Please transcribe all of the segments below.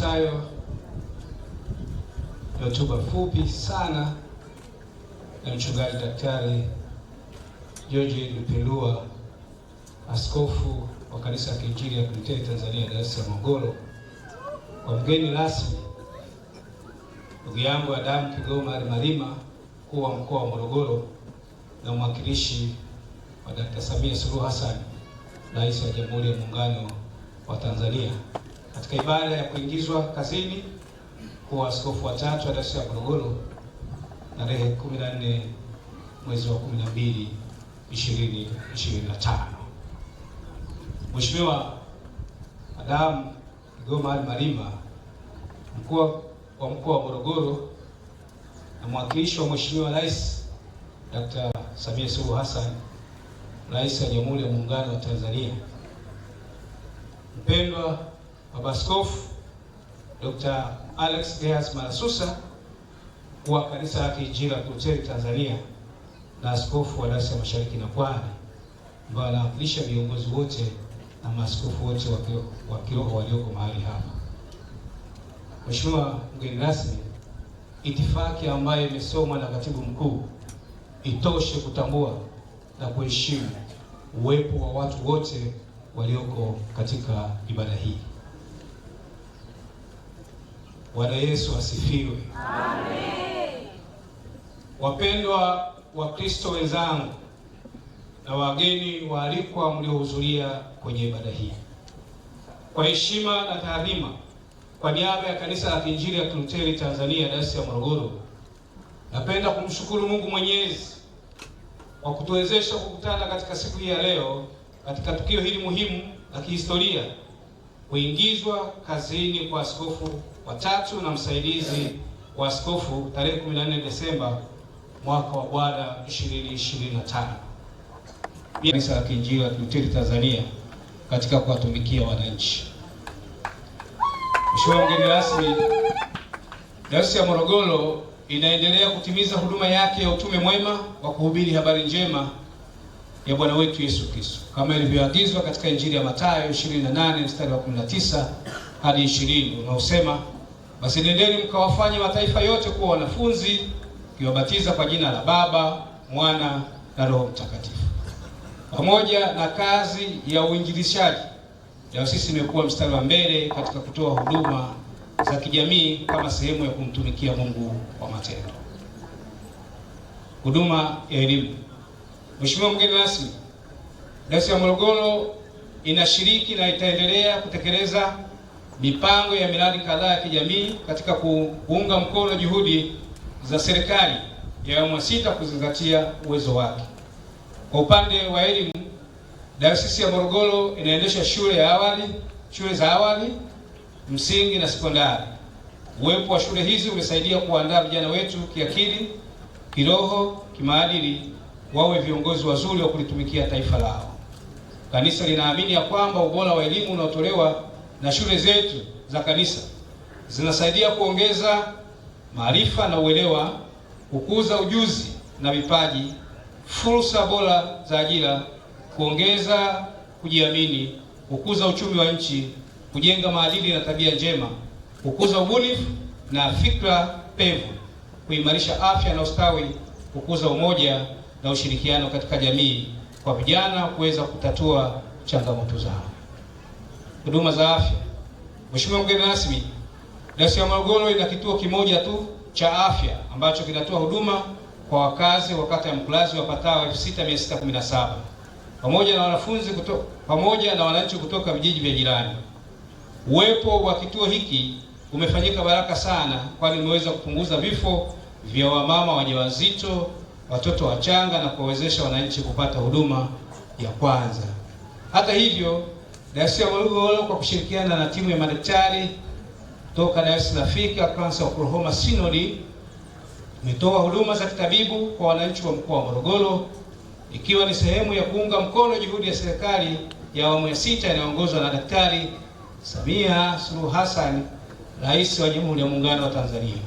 Ifuatayo ni hotuba fupi sana na mchungaji Daktari George Lupelua, askofu wa kanisa la Kiinjili ya Kilutheri Tanzania, Dar es Salaam kwa mgeni rasmi ndugu yangu Adamu Kigoma Malima, mkuu wa mkoa wa Morogoro na mwakilishi wa Dkt. Samia Suluhu Hassan, rais wa Jamhuri ya Muungano wa Tanzania katika ibada ya kuingizwa kazini kuwa askofu watatu wa dayosisi ya Morogoro tarehe 14 mwezi wa 12 2025. Mheshimiwa Adam Kigoma Malima, mkuu wa mkoa wa Morogoro na mwakilishi wa Mheshimiwa Rais Dr. Samia Suluhu Hassan, Rais wa Jamhuri ya Muungano wa Tanzania, mpendwa Baba Askofu Dr. Alex Geas Malasusa wa kanisa la Kiinjili la Kilutheri Tanzania na askofu wa Dayosisi ya Mashariki na Pwani, ambayo anawakilisha viongozi wote na maaskofu wote wa kiroho walioko mahali hapa. Mheshimiwa mgeni rasmi, itifaki ambayo imesomwa na katibu mkuu itoshe kutambua na kuheshimu uwepo wa watu wote walioko katika ibada hii. Bwana Yesu asifiwe. Amen. Wapendwa Wakristo wenzangu na wageni waalikwa mliohudhuria kwenye ibada hii, kwa heshima na taadhima, kwa niaba ya Kanisa la Kiinjili ya Kilutheri Tanzania Dayosisi ya Morogoro, napenda kumshukuru Mungu Mwenyezi kwa kutuwezesha kukutana katika siku hii ya leo katika tukio hili muhimu la kihistoria, kuingizwa kazini kwa askofu watatu na msaidizi wa askofu tarehe 14 Desemba mwaka wa Bwana 2025 Kanisa la Kiinjili la Kilutheri Tanzania katika kuwatumikia wananchi. Mheshimiwa mgeni rasmi, Dayosisi ya Morogoro inaendelea kutimiza huduma yake ya utume mwema wa kuhubiri habari njema ya Bwana wetu Yesu Kristo kama ilivyoagizwa katika Injili ya Mathayo 28 mstari wa 19 hadi 20 unaosema basi nendeni mkawafanye mataifa yote kuwa wanafunzi, mkiwabatiza kwa jina la Baba, Mwana na Roho Mtakatifu, pamoja na kazi ya uinjilishaji. dayosisi sisi imekuwa mstari wa mbele katika kutoa huduma za kijamii kama sehemu ya kumtumikia Mungu kwa matendo. Huduma ya elimu. Mheshimiwa mgeni rasmi, Dayosisi ya Morogoro inashiriki na itaendelea kutekeleza mipango ya miradi kadhaa ya kijamii katika kuunga mkono juhudi za serikali ya awamu ya sita kuzingatia uwezo wake. Kwa upande wa elimu, Dayosisi ya Morogoro inaendesha shule ya awali, shule za awali, msingi na sekondari. Uwepo wa shule hizi umesaidia kuandaa vijana wetu kiakili, kiroho, kimaadili wawe viongozi wazuri wa kulitumikia taifa lao. Kanisa linaamini ya kwamba ubora wa elimu unaotolewa na shule zetu za kanisa zinasaidia kuongeza maarifa na uelewa, kukuza ujuzi na vipaji, fursa bora za ajira, kuongeza kujiamini, kukuza uchumi wa nchi, kujenga maadili na tabia njema, kukuza ubunifu na fikra pevu, kuimarisha afya na ustawi, kukuza umoja na ushirikiano katika jamii, kwa vijana kuweza kutatua changamoto zao huduma za afya. Mheshimiwa mgeni rasmi, Dar es Salaam Morogoro ina kituo kimoja tu cha afya ambacho kinatoa huduma kwa wakazi wa kata ya Mkulazi wapatao 6617 pamoja na wanafunzi kutoka, pamoja na wananchi kutoka vijiji vya jirani. Uwepo wa kituo hiki umefanyika baraka sana, kwani umeweza kupunguza vifo vya wamama wajawazito, watoto wachanga na kuwawezesha wananchi kupata huduma ya kwanza. Hata hivyo Dayosisi ya Morogoro kwa kushirikiana na timu ya madaktari toka Dayosisi ya Afrika Cancer Oklahoma Synod imetoa huduma za kitabibu kwa wananchi wa mkoa wa Morogoro ikiwa ni sehemu ya kuunga mkono juhudi ya serikali ya awamu ya sita inayoongozwa na Daktari Samia Suluhu Hassan, Rais wa Jamhuri ya Muungano wa Tanzania.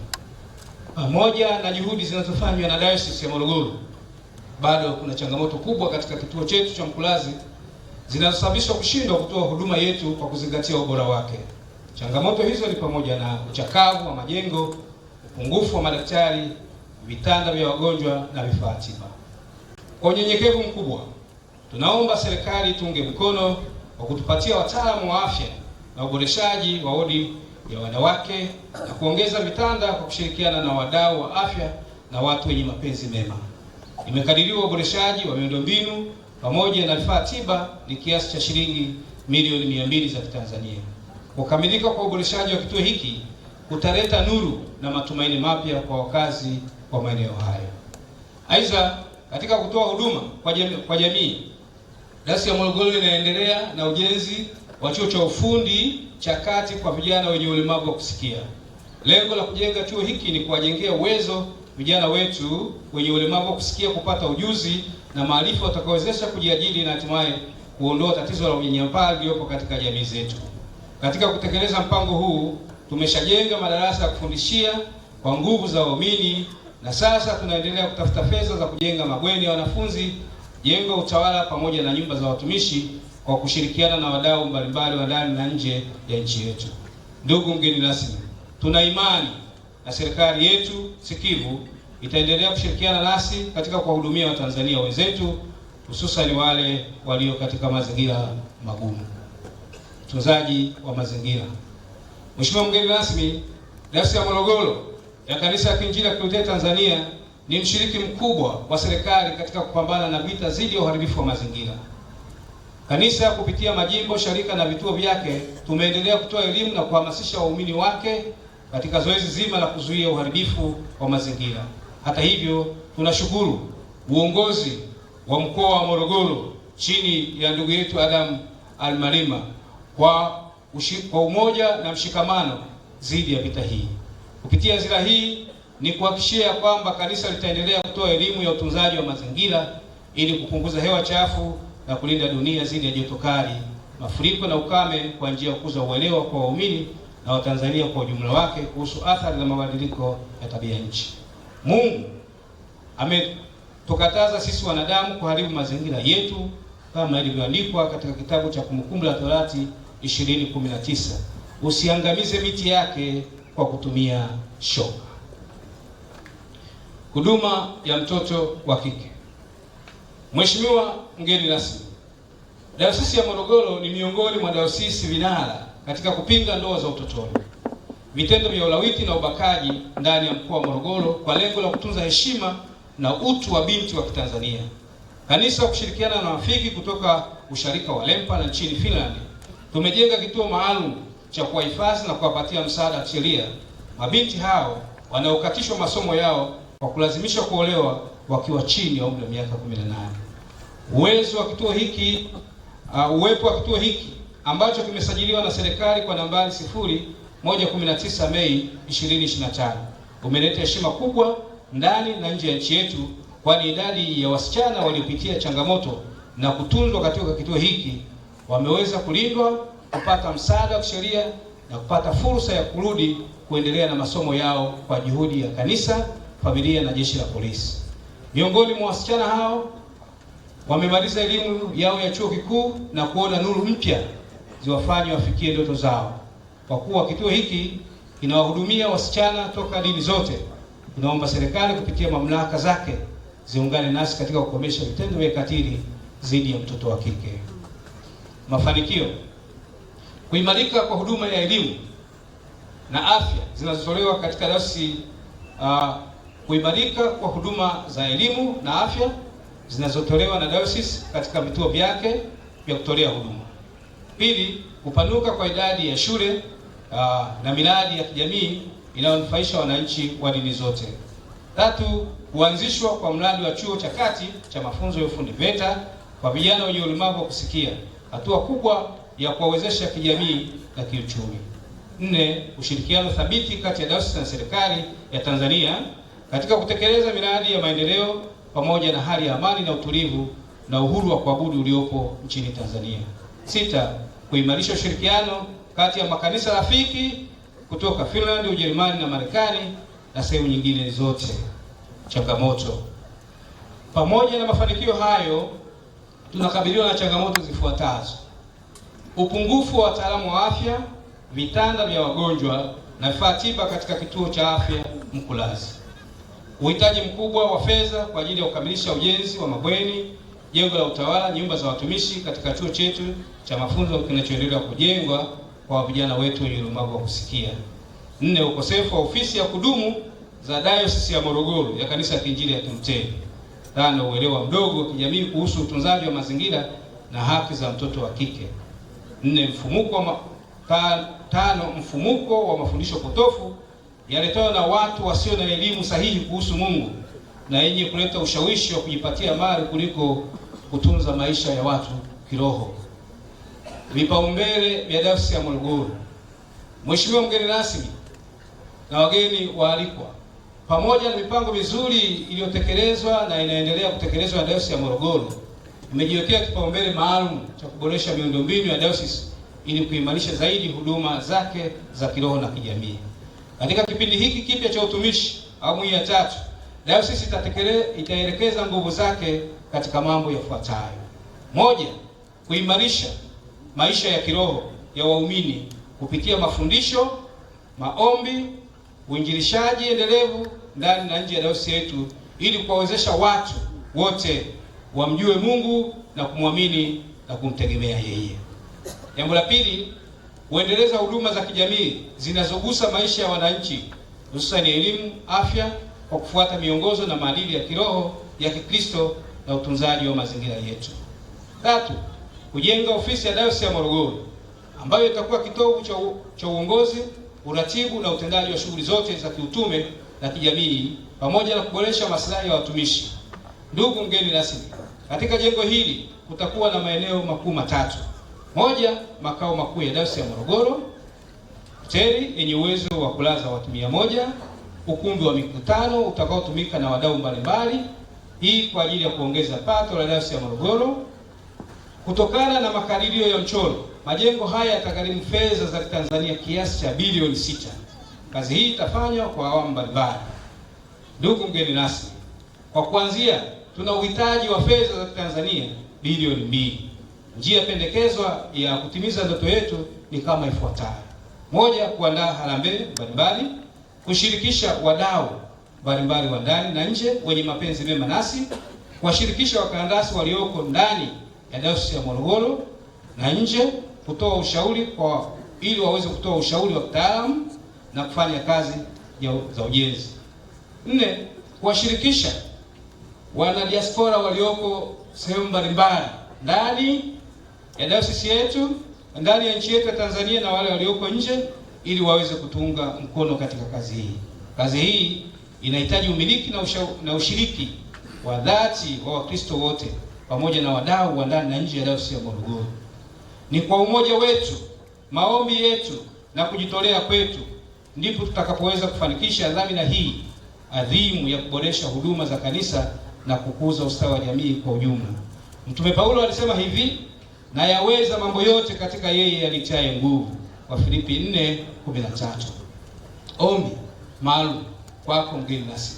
Pamoja na juhudi zinazofanywa na Dayosisi ya Morogoro, bado kuna changamoto kubwa katika kituo chetu cha Mkulazi zinasababisha kushindwa kutoa huduma yetu kwa kuzingatia ubora wake. Changamoto hizo ni pamoja na uchakavu wa majengo, upungufu wa madaktari, vitanda vya wagonjwa na vifaa tiba. Kwa unyenyekevu mkubwa, tunaomba serikali itunge mkono kwa kutupatia wataalamu wa afya na uboreshaji wa wodi ya wanawake na kuongeza vitanda kwa kushirikiana na wadau wa afya na watu wenye mapenzi mema. Imekadiriwa uboreshaji wa miundombinu pamoja na vifaa tiba ni kiasi cha shilingi milioni mia mbili za Kitanzania. Kukamilika kwa uboreshaji wa kituo hiki kutaleta nuru na matumaini mapya kwa wakazi wa maeneo hayo. Aidha, katika kutoa huduma kwa jamii, kwa jamii dasi ya Morogoro inaendelea na ujenzi wa chuo cha ufundi cha kati kwa vijana wenye ulemavu wa kusikia. Lengo la kujenga chuo hiki ni kuwajengea uwezo vijana wetu wenye ulemavu wa kusikia kupata ujuzi na maarifa watakaowezesha kujiajiri na hatimaye kuondoa tatizo la unyanyapaa lililopo katika jamii zetu. Katika kutekeleza mpango huu, tumeshajenga madarasa ya kufundishia kwa nguvu za waumini na sasa tunaendelea kutafuta fedha za kujenga mabweni ya wanafunzi, jengo utawala, pamoja na nyumba za watumishi kwa kushirikiana na wadau mbalimbali wa ndani na nje ya nchi yetu. Ndugu mgeni rasmi, tuna imani na serikali yetu sikivu itaendelea kushirikiana nasi katika kuwahudumia Watanzania wenzetu hususan wale walio katika mazingira magumu. Utunzaji wa mazingira. Mheshimiwa mgeni rasmi, Dayosisi ya Morogoro ya Kanisa ya Kiinjili la Kilutheri Tanzania ni mshiriki mkubwa wa serikali katika kupambana na vita dhidi ya uharibifu wa mazingira. Kanisa kupitia majimbo, sharika na vituo vyake tumeendelea kutoa elimu na kuhamasisha waumini wake katika zoezi zima la kuzuia uharibifu wa mazingira. Hata hivyo, tunashukuru uongozi wa mkoa wa Morogoro chini ya ndugu yetu Adam Almalima kwa, kwa umoja na mshikamano dhidi ya vita hii. Kupitia zira hii ni kuhakikishia kwamba kanisa litaendelea kutoa elimu ya utunzaji wa mazingira ili kupunguza hewa chafu na kulinda dunia dhidi ya joto kali, mafuriko na ukame kwa njia ya kukuza uelewa kwa waumini na Watanzania kwa ujumla wake kuhusu athari za mabadiliko ya tabia nchi. Mungu ametukataza sisi wanadamu kuharibu mazingira yetu kama ilivyoandikwa katika kitabu cha Kumbukumbu la Torati 20:19, usiangamize miti yake kwa kutumia shoka. Huduma ya mtoto wa kike. Mheshimiwa mgeni rasmi, Dayosisi ya Morogoro ni miongoni mwa dayosisi vinara katika kupinga ndoa za utotoni, vitendo vya ulawiti na ubakaji ndani ya mkoa wa Morogoro kwa lengo la kutunza heshima na utu wa binti wa Kitanzania. Kanisa kushirikiana na wafiki kutoka usharika wa Lempa na nchini Finland tumejenga kituo maalum cha kuwahifadhi na kuwapatia msaada wa sheria mabinti hao wanaokatishwa masomo yao kwa kulazimishwa kuolewa wakiwa chini ya umri wa miaka 18. Uwezo wa kituo hiki uh, uwepo wa kituo hiki ambacho kimesajiliwa na serikali kwa nambari 0119 Mei 2025 umeleta heshima kubwa ndani na nje ya nchi yetu, kwani idadi ya wasichana waliopitia changamoto na kutunzwa katika kituo hiki wameweza kulindwa, kupata msaada wa kisheria na kupata fursa ya kurudi kuendelea na masomo yao kwa juhudi ya kanisa, familia na jeshi la polisi. Miongoni mwa wasichana hao wamemaliza elimu yao ya chuo kikuu na kuona nuru mpya ziwafanye wafikie ndoto zao, kwa kuwa kituo hiki kinawahudumia wasichana toka dini zote. Tunaomba serikali kupitia mamlaka zake ziungane nasi katika kukomesha vitendo vya katili dhidi ya mtoto wa kike. Mafanikio: kuimarika kwa huduma ya elimu na afya zinazotolewa katika dayosisi uh, kuimarika kwa huduma za elimu na afya zinazotolewa na dayosisi katika vituo vyake vya kutolea huduma. Pili, kupanuka kwa idadi ya shule uh, na miradi ya kijamii inayonufaisha wananchi wa dini zote. Tatu, kuanzishwa kwa mradi wa chuo cha kati cha mafunzo ya ufundi VETA kwa vijana wenye ulemavu wa kusikia, hatua kubwa ya kuwawezesha kijamii na kiuchumi. Nne, ushirikiano thabiti kati ya dayosisi na serikali ya Tanzania katika kutekeleza miradi ya maendeleo pamoja na hali ya amani na utulivu na uhuru wa kuabudu uliopo nchini Tanzania. Sita, kuimarisha ushirikiano kati ya makanisa rafiki kutoka Finland, Ujerumani na Marekani na sehemu nyingine zote. Changamoto. Pamoja na mafanikio hayo, tunakabiliwa na changamoto zifuatazo: upungufu wa wataalamu wa afya, vitanda vya wagonjwa na vifaa tiba katika kituo cha afya Mkulazi, uhitaji mkubwa wa fedha kwa ajili ya kukamilisha ujenzi wa mabweni jengo la utawala, nyumba za watumishi katika chuo chetu cha mafunzo kinachoendelea kujengwa kwa vijana wetu wenye ulemavu wa kusikia. Nne, ukosefu wa ofisi ya kudumu za Dayosisi ya Morogoro ya Kanisa ya Kiinjili ya Kimtemi. Tano, uelewa mdogo wa kijamii kuhusu utunzaji wa mazingira na haki za mtoto wa kike. Nne, mfumuko wa ma... tano, mfumuko wa mafundisho potofu yaletayo na watu wasio na elimu sahihi kuhusu Mungu na yenye kuleta ushawishi wa kujipatia mali kuliko kutunza maisha ya watu kiroho. Vipaumbele vya dayosisi ya Morogoro. Mheshimiwa mgeni rasmi na wageni waalikwa, pamoja na mipango mizuri iliyotekelezwa na inaendelea kutekelezwa na dayosisi ya Morogoro, imejiwekea kipaumbele maalum cha kuboresha miundombinu ya dayosisi ili kuimarisha zaidi huduma zake za kiroho na kijamii. Katika kipindi hiki kipya cha utumishi awamu ya tatu, dayosisi itaelekeza nguvu zake katika mambo yafuatayo: moja, kuimarisha maisha ya kiroho ya waumini kupitia mafundisho, maombi, uinjilishaji endelevu ndani na nje ya dayosisi yetu ili kuwawezesha watu wote wamjue Mungu na kumwamini na kumtegemea yeye. Jambo la pili, kuendeleza huduma za kijamii zinazogusa maisha ya wananchi hususani elimu, afya kwa kufuata miongozo na maadili ya kiroho ya Kikristo na utunzaji wa mazingira yetu. Tatu, kujenga ofisi ya Dayosisi ya Morogoro ambayo itakuwa kitovu cha uongozi, uratibu na utendaji wa shughuli zote za kiutume na kijamii pamoja na kuboresha maslahi ya watumishi. Ndugu mgeni rasmi, katika jengo hili kutakuwa na maeneo makuu matatu: moja, makao makuu ya Dayosisi ya Morogoro, hoteli yenye uwezo wa kulaza watu mia moja, ukumbi wa mikutano utakaotumika na wadau mbalimbali hii kwa ajili ya kuongeza pato la dayosisi ya Morogoro. Kutokana na makadirio ya mchoro, majengo haya yatagharimu fedha za Tanzania kiasi cha bilioni sita. Kazi hii itafanywa kwa awamu mbalimbali. Ndugu mgeni rasmi, kwa kuanzia tuna uhitaji wa fedha za Tanzania bilioni mbili. Njia pendekezwa ya kutimiza ndoto yetu ni kama ifuatayo: moja, kuandaa harambee mbalimbali, kushirikisha wadau mbalimbali wa ndani na nje wenye mapenzi mema nasi, kuwashirikisha wakandarasi walioko ndani ya dayosisi ya Morogoro na nje, kutoa ushauri kwa ili waweze kutoa ushauri wa kitaalamu na kufanya kazi za ujenzi. Nne, kuwashirikisha wanadiaspora walioko sehemu mbalimbali ndani ya dayosisi yetu ndani ya nchi yetu ya Tanzania na wale walioko nje ili waweze kutunga mkono katika kazi hii. Kazi hii inahitaji umiliki na, usha, na ushiriki wa dhati wa Wakristo wote pamoja na wadau wa ndani na nje ya dayosisi ya Morogoro. Ni kwa umoja wetu, maombi yetu na kujitolea kwetu ndipo tutakapoweza kufanikisha dhamira hii adhimu ya kuboresha huduma za kanisa na kukuza ustawi wa jamii kwa ujumla. Mtume Paulo alisema hivi, na yaweza mambo yote katika yeye alitiaye nguvu, Wafilipi 4:13. Ombi maalum kwako mgeni nasi.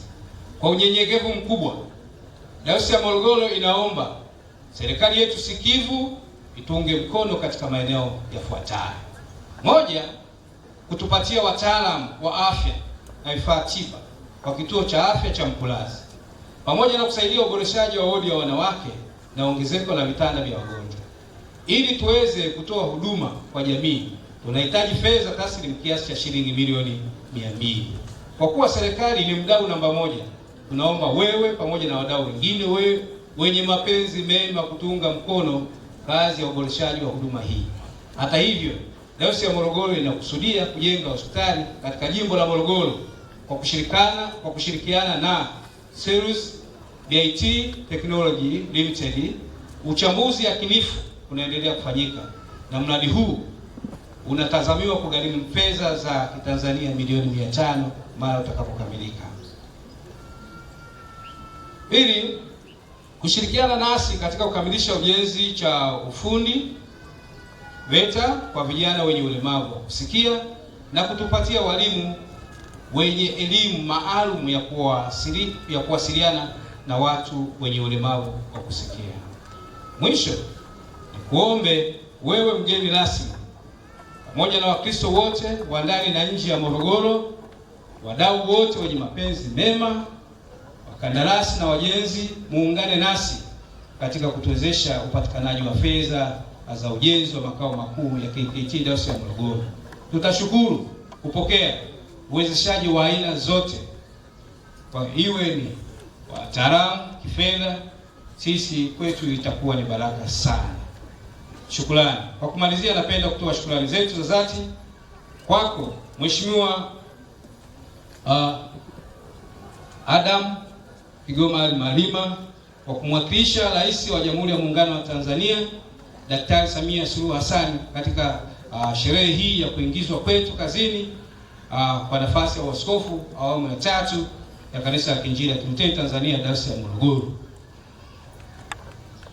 Kwa unyenyekevu mkubwa, Dayosisi ya Morogoro inaomba serikali yetu sikivu itunge mkono katika maeneo yafuatayo: moja, kutupatia wataalamu wa afya na vifaa tiba kwa kituo cha afya cha Mkulazi pamoja na kusaidia uboreshaji wa wodi ya wanawake na ongezeko la vitanda vya wagonjwa. Ili tuweze kutoa huduma kwa jamii, tunahitaji fedha taslimu kiasi cha shilingi milioni mia mbili. Kwa kuwa serikali ni mdau namba moja, tunaomba wewe pamoja na wadau wengine wewe wenye mapenzi mema kutunga mkono kazi ya uboreshaji wa huduma hii. Hata hivyo, Dayosisi ya Morogoro inakusudia kujenga hospitali katika jimbo la Morogoro kwa kushirikiana kwa kushirikiana na Serus BIT Technology Limited. Uchambuzi yakinifu unaendelea kufanyika na mradi huu unatazamiwa kugharimu pesa za Kitanzania milioni mia tano mara utakapokamilika. Pili, kushirikiana nasi katika kukamilisha ujenzi cha ufundi VETA kwa vijana wenye ulemavu wa kusikia na kutupatia walimu wenye elimu maalum ya kuwasili, ya kuwasiliana na watu wenye ulemavu wa kusikia. Mwisho, ni kuombe wewe mgeni rasmi pamoja na Wakristo wote wa ndani na nje ya Morogoro, wadau wote wenye mapenzi mema, wakandarasi na wajenzi, muungane nasi katika kutuwezesha upatikanaji wa fedha za ujenzi wa makao makuu ya KKKT Dayosisi ya Morogoro. Tutashukuru kupokea uwezeshaji wa aina zote, kwa iwe ni wataalamu kifedha, sisi kwetu itakuwa ni baraka sana. Shukrani. Kwa kumalizia, napenda kutoa shukrani zetu za dhati kwako Mheshimiwa uh, Adam Kigoma Malima kwa kumwakilisha Rais wa Jamhuri ya Muungano wa Tanzania Daktari Samia Suluhu Hassan katika uh, sherehe hii ya kuingizwa kwetu kazini uh, kwa nafasi ya uaskofu awamu ya tatu ya Kanisa la Kiinjili la Kilutheri Tanzania, Dayosisi ya Morogoro.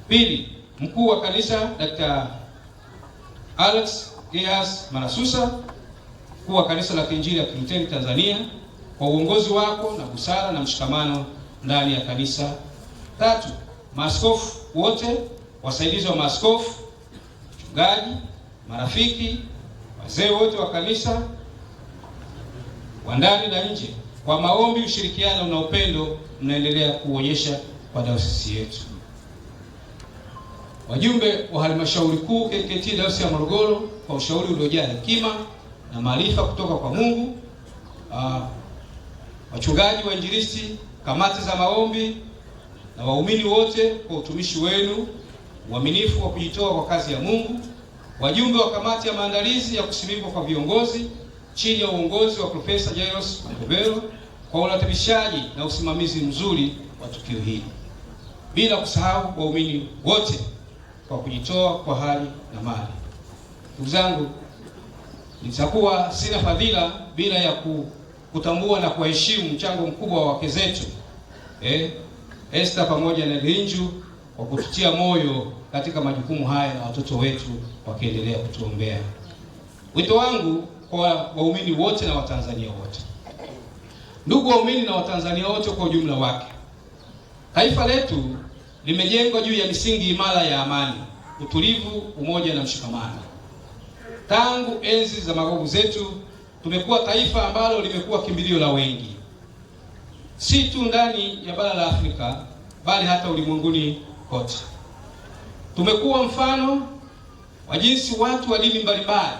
Pili, Mkuu wa kanisa Dr. Alex Gias Marasusa, mkuu wa kanisa la Kiinjili ya Kilutheri Tanzania, kwa uongozi wako na busara na mshikamano ndani ya kanisa. Tatu, maaskofu wote, wasaidizi wa maaskofu, mchungaji, marafiki, wazee wote wa kanisa wa ndani na nje, kwa maombi, ushirikiano na upendo mnaendelea kuonyesha kwa dayosisi yetu. Wajumbe wa halmashauri kuu KKKT Dayosisi ya Morogoro kwa ushauri uliojaa hekima na maarifa kutoka kwa Mungu, uh, wachungaji, injilisti, kamati za maombi na waumini wote kwa utumishi wenu uaminifu wa kujitoa kwa kazi ya Mungu, wajumbe wa kamati ya maandalizi ya kusimikwa kwa viongozi chini ya uongozi wa Profesa Jairus Makobero kwa uratibishaji na usimamizi mzuri wa tukio hili, bila kusahau waumini wote kwa kujitoa kwa hali na mali. Ndugu zangu, nitakuwa sina fadhila bila ya kutambua na kuheshimu mchango mkubwa wa wake zetu eh, Esther pamoja na Linju kwa kututia moyo katika majukumu haya na watoto wetu wakiendelea kutuombea. Wito wangu kwa waumini wote na Watanzania wote, ndugu waumini na Watanzania wote kwa ujumla wake, taifa letu limejengwa juu ya misingi imara ya amani, utulivu, umoja na mshikamano. Tangu enzi za mababu zetu tumekuwa taifa ambalo limekuwa kimbilio la wengi, si tu ndani ya bara la Afrika bali hata ulimwenguni kote. Tumekuwa mfano wa jinsi watu wa dini mbalimbali,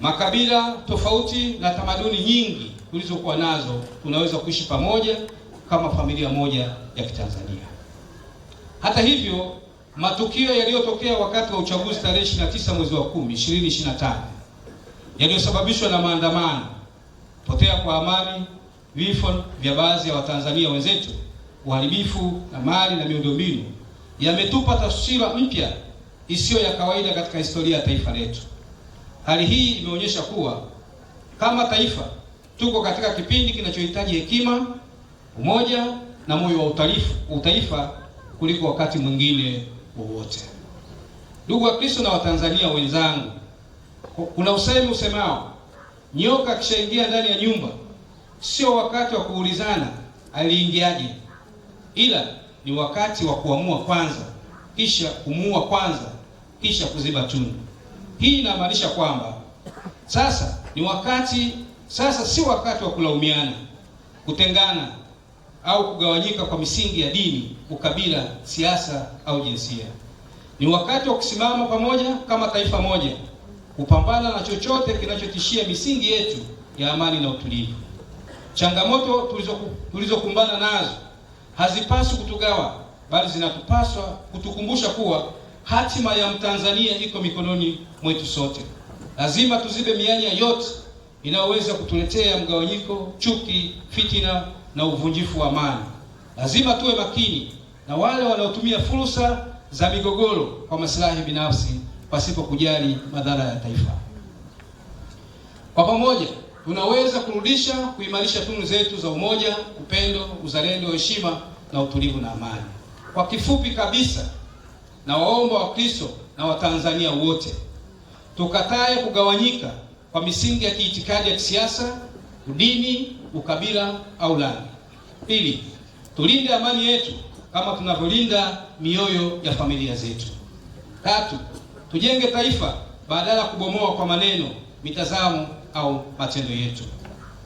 makabila tofauti na tamaduni nyingi tulizokuwa nazo tunaweza kuishi pamoja kama familia moja ya Kitanzania. Hata hivyo, matukio yaliyotokea wakati wa uchaguzi tarehe 29 mwezi wa 10 2025 yaliyosababishwa na maandamano, potea kwa amani, vifo vya baadhi ya Watanzania wenzetu, uharibifu na mali na miundombinu, yametupa taswira mpya isiyo ya kawaida katika historia ya taifa letu. Hali hii imeonyesha kuwa kama taifa tuko katika kipindi kinachohitaji hekima, umoja na moyo wa utaifa kuliko wakati mwingine wowote. Ndugu wa Kristo na Watanzania wenzangu, kuna usemi usemao nyoka akishaingia ndani ya nyumba sio wakati wa kuulizana aliingiaje, ila ni wakati wa kuamua kwanza, kisha kumuua kwanza, kisha kuziba tundu. Hii inamaanisha kwamba sasa ni wakati, sasa si wakati wa kulaumiana, kutengana au kugawanyika kwa misingi ya dini, ukabila, siasa au jinsia. Ni wakati wa kusimama pamoja kama taifa moja kupambana na chochote kinachotishia misingi yetu ya amani na utulivu. Changamoto tulizokumbana nazo hazipaswi kutugawa, bali zinatupaswa kutukumbusha kuwa hatima ya Mtanzania iko mikononi mwetu sote. Lazima tuzibe mianya yote inayoweza kutuletea mgawanyiko, chuki, fitina na uvunjifu wa amani. Lazima tuwe makini na wale wanaotumia fursa za migogoro kwa maslahi binafsi pasipo kujali madhara ya taifa. Kwa pamoja tunaweza kurudisha kuimarisha tunu zetu za umoja, upendo, uzalendo, heshima na utulivu na amani. Kwa kifupi kabisa, na waomba wa kristo na Watanzania wote tukatae kugawanyika kwa misingi ya kiitikadi ya kisiasa, udini ukabila au la. Pili, tulinde amani yetu kama tunavyolinda mioyo ya familia zetu. Tatu, tujenge taifa badala ya kubomoa kwa maneno, mitazamo au matendo yetu.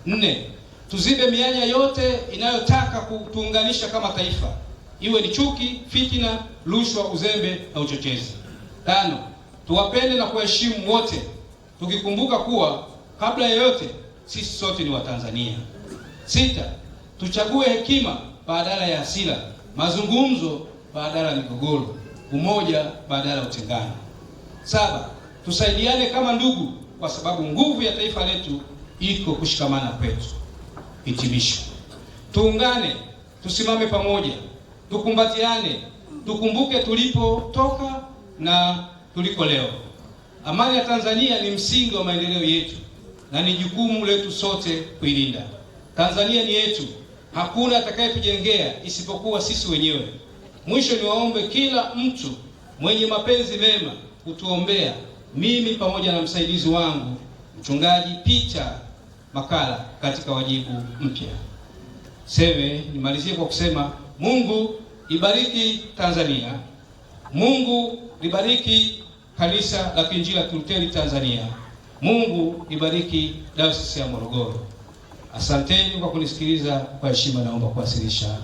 Nne, tuzibe mianya yote inayotaka kutuunganisha kama taifa, iwe ni chuki, fitina, rushwa, uzembe na uchochezi. Tano, tuwapende na kuheshimu wote, tukikumbuka kuwa kabla ya yote sisi sote ni Watanzania. Sita, tuchague hekima badala ya hasira, mazungumzo badala ya migogoro, umoja badala ya utengano. Saba, tusaidiane kama ndugu, kwa sababu nguvu ya taifa letu iko kushikamana kwetu. Hitimisho, tuungane, tusimame pamoja, tukumbatiane, tukumbuke tulipotoka na tuliko leo. Amani ya Tanzania ni msingi wa maendeleo yetu na ni jukumu letu sote kuilinda. Tanzania ni yetu, hakuna atakayetujengea isipokuwa sisi wenyewe. Mwisho niwaombe kila mtu mwenye mapenzi mema kutuombea mimi pamoja na msaidizi wangu Mchungaji Peter Makala katika wajibu mpya. Seme nimalizie kwa kusema Mungu ibariki Tanzania. Mungu libariki kanisa la Kiinjili la Kilutheri Tanzania. Mungu ibariki Dayosisi ya Morogoro. Asanteni kwa kunisikiliza. Kwa heshima naomba kuwasilisha.